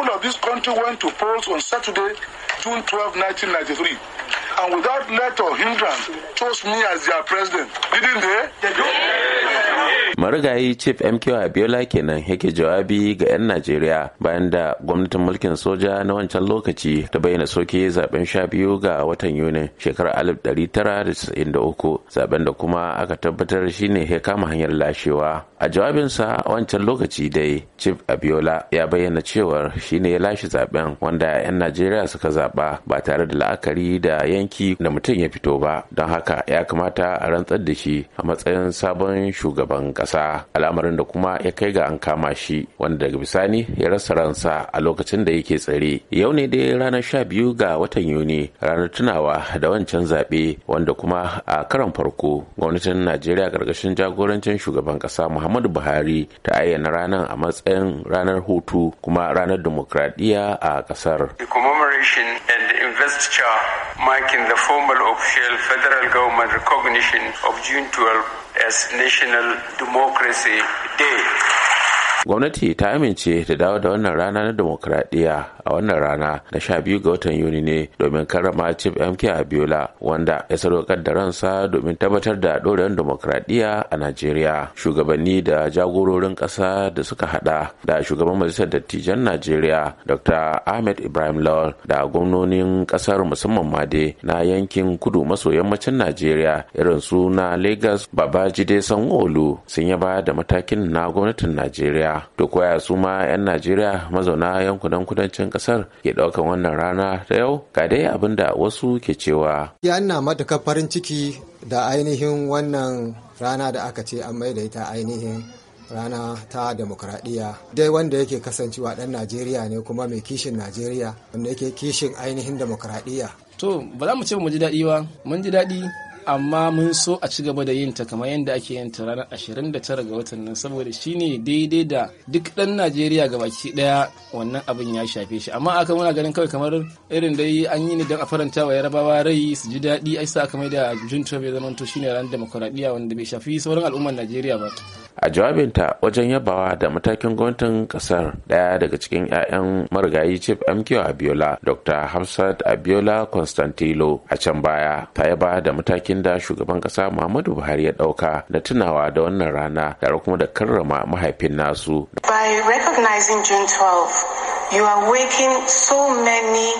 people of this country went to polls on Saturday, June 12, 1993. and without let or hindrance chose me as their president. Didn't they? Marigayi Chief mq Abiola kenan yake jawabi ga 'yan Najeriya bayan da gwamnatin mulkin soja na wancan lokaci ta bayyana soke zaben sha biyu ga watan Yuni shekarar 1993 zaben da kuma aka tabbatar shine ya kama hanyar lashewa. A jawabinsa wancan lokaci dai Chief Abiola ya bayyana cewar shine ya lashe zaben wanda 'yan Najeriya suka zaba ba tare da la'akari da yanki yanki da mutum ya fito ba don haka ya kamata a rantsar da shi a matsayin sabon shugaban ƙasa al'amarin da kuma ya kai ga an kama shi wanda daga bisani ya rasa ransa a lokacin da yake tsare yau ne dai ranar sha biyu ga watan yuni ranar tunawa da wancan zaɓe wanda kuma a karon farko gwamnatin najeriya ƙarƙashin jagorancin shugaban ƙasa muhammadu buhari ta ayyana ranar a matsayin ranar hutu kuma ranar demokradiyya a ƙasar. The commemoration investiture marking the formal official federal government recognition of June 12 as National Democracy Day. gwamnati ta amince ta dawo da wannan rana na demokradiyya a wannan rana na sha biyu ga watan yuni ne domin karrama chief mk abiola wanda ya sadaukar da ransa domin tabbatar da ɗorewar demokradiyya a najeriya shugabanni da jagororin ƙasa da suka hada da shugaban majalisar dattijan najeriya dr ahmed ibrahim lawal da gwamnonin ƙasar musamman made na yankin kudu maso yammacin najeriya irin su na lagos babajide sanwo-olu sun yaba da matakin na gwamnatin najeriya najeriya to koya su ma 'yan najeriya mazauna yankunan kudancin kasar ke daukan wannan rana da yau ga dai abin da wasu ke cewa ya na farin ciki da ainihin wannan rana da aka ce an mai da ita ainihin rana ta demokradiyya dai wanda yake kasancewa ɗan najeriya ne kuma mai kishin najeriya wanda yake kishin ainihin demokradiyya to ba za mu ce mu ji daɗi ba mun ji daɗi amma mun so a ci gaba da yin ta kamar yadda ake yin ta ranar 29 ga watan nan saboda shine daidai da duk dan Najeriya ga baki daya wannan abin ya shafe shi amma aka muna ganin kawai kamar irin yi an yi ni don a faranta wa Yarabawa rai su ji daɗi ai sa kamar da Jun Trump ya zamanto shine ranar demokradiyya wanda bai shafi sauran al'ummar Najeriya ba a jawabinta wajen yabawa da matakin gwamnatin kasar daya daga cikin 'ya'yan marigayi chief mq abiola dr hafsat abiola constantino a can baya ta yaba da matakin matakin da shugaban kasa muhammadu buhari ya dauka na tunawa da wannan rana tare kuma da karrama mahaifin nasu by recognizing june 12 you are waking so many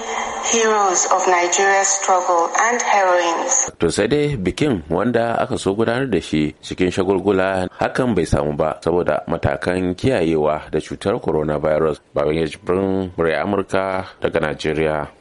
heroes of Nigeria's struggle and heroines. To sai dai bikin wanda aka so gudanar da shi cikin shagulgula hakan bai samu ba saboda matakan kiyayewa da cutar coronavirus. Babban Yajibirin Murai Amurka daga nigeria.